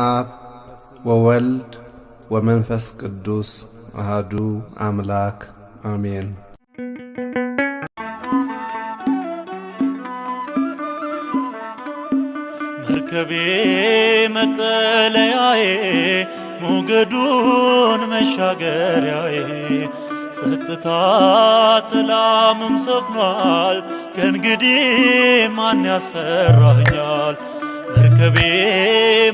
አብ ወወልድ ወመንፈስ ቅዱስ አህዱ አምላክ አሜን። መርከቤ መጠለያዬ፣ ሞገዱን መሻገሪያዬ፣ ጸጥታ ሰላምም ሰፍኗል። ከእንግዲህ ማን ያስፈራኛል? መርከቤ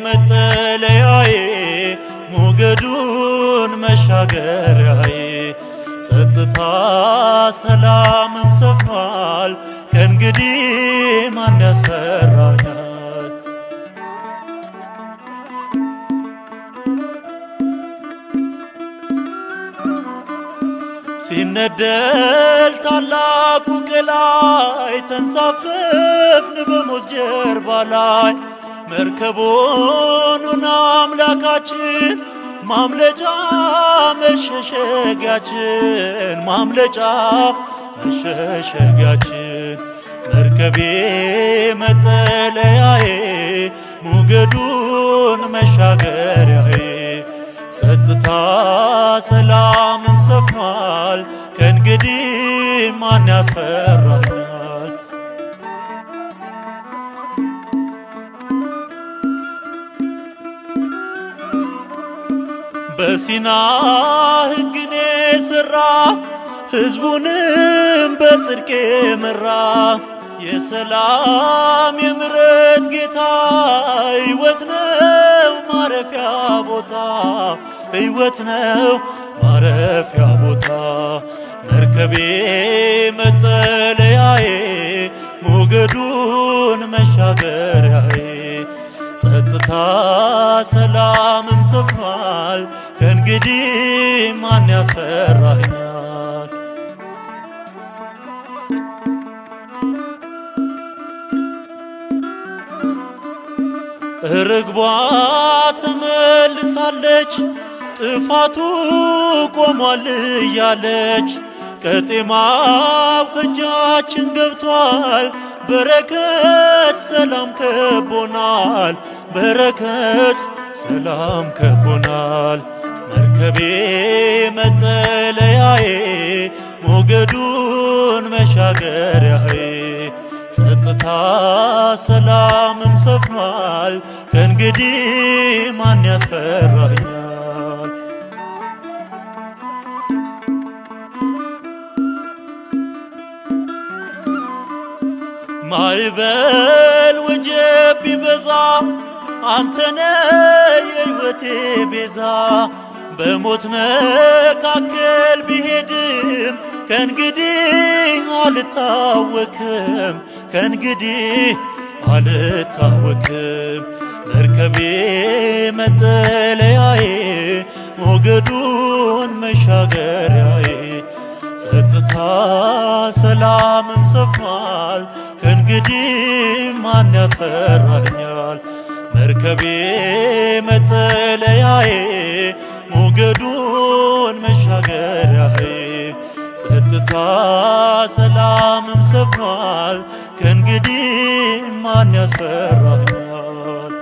መጠለያዬ ሞገዱን መሻገሪያዬ ጸጥታ ሰላምም ሰፍኗል። ከእንግዲህ ማን ያስፈራኛል? ሲነደል ታላቁ ተንሳፈፍን በሞት ጀርባ ላይ መርከቦኑን አምላካችን ማምለጫ መሸሸጊያችን ማምለጫ መሸሸጊያችን መርከቤ መጠለያዬ ሞገዱን መሻገሪያዬ ጸጥታ ሰላምም ሰፍኗል ከእንግዲህ ማን ያስፈራል? በሲና ሕግኔ ሥራ ሕዝቡንም በጽድቄ የመራ የሰላም የምሕረት ጌታ ሕይወት ነው ማረፊያ ቦታ ሕይወት ነው ማረፊያ ቦታ መርከቤ መጠለያዬ ሞገዱን መሻገሪያዬ ጸጥታ ሰላምም ሰፍኗል። ከእንግዲህ ማን ያስፈራኛል? ርግቧ ትመልሳለች ጥፋቱ ቆሟል እያለች ቀጤማው ከእጃችን ገብቷል በረከት ሰላም ከቦናል በረከት ሰላም ከቦናል መርከቤ መጠለያዬ ሞገዱን መሻገሪያዬ ጸጥታ ሰላምም ሰፍኗል። ከእንግዲህ ማን ያስፈራኛል? ማዕበል ወጀብ ቢበዛ አንተነ የሕይወቴ ቤዛ በሞት መካከል ቢሄድም ከእንግዲህ አልታወክም ከእንግዲህ አልታወክም መርከቤ መጠለያዬ ሞገዱን መሻገሪያዬ ጸጥታ ሰላምም ሰፍኗል ከእንግዲህ ማን ያስፈራኛል መርከቤ መጠለያዬ ጸጋ ሰላምም ሰፍኗል። ከእንግዲህ ማን ያስፈራኛል?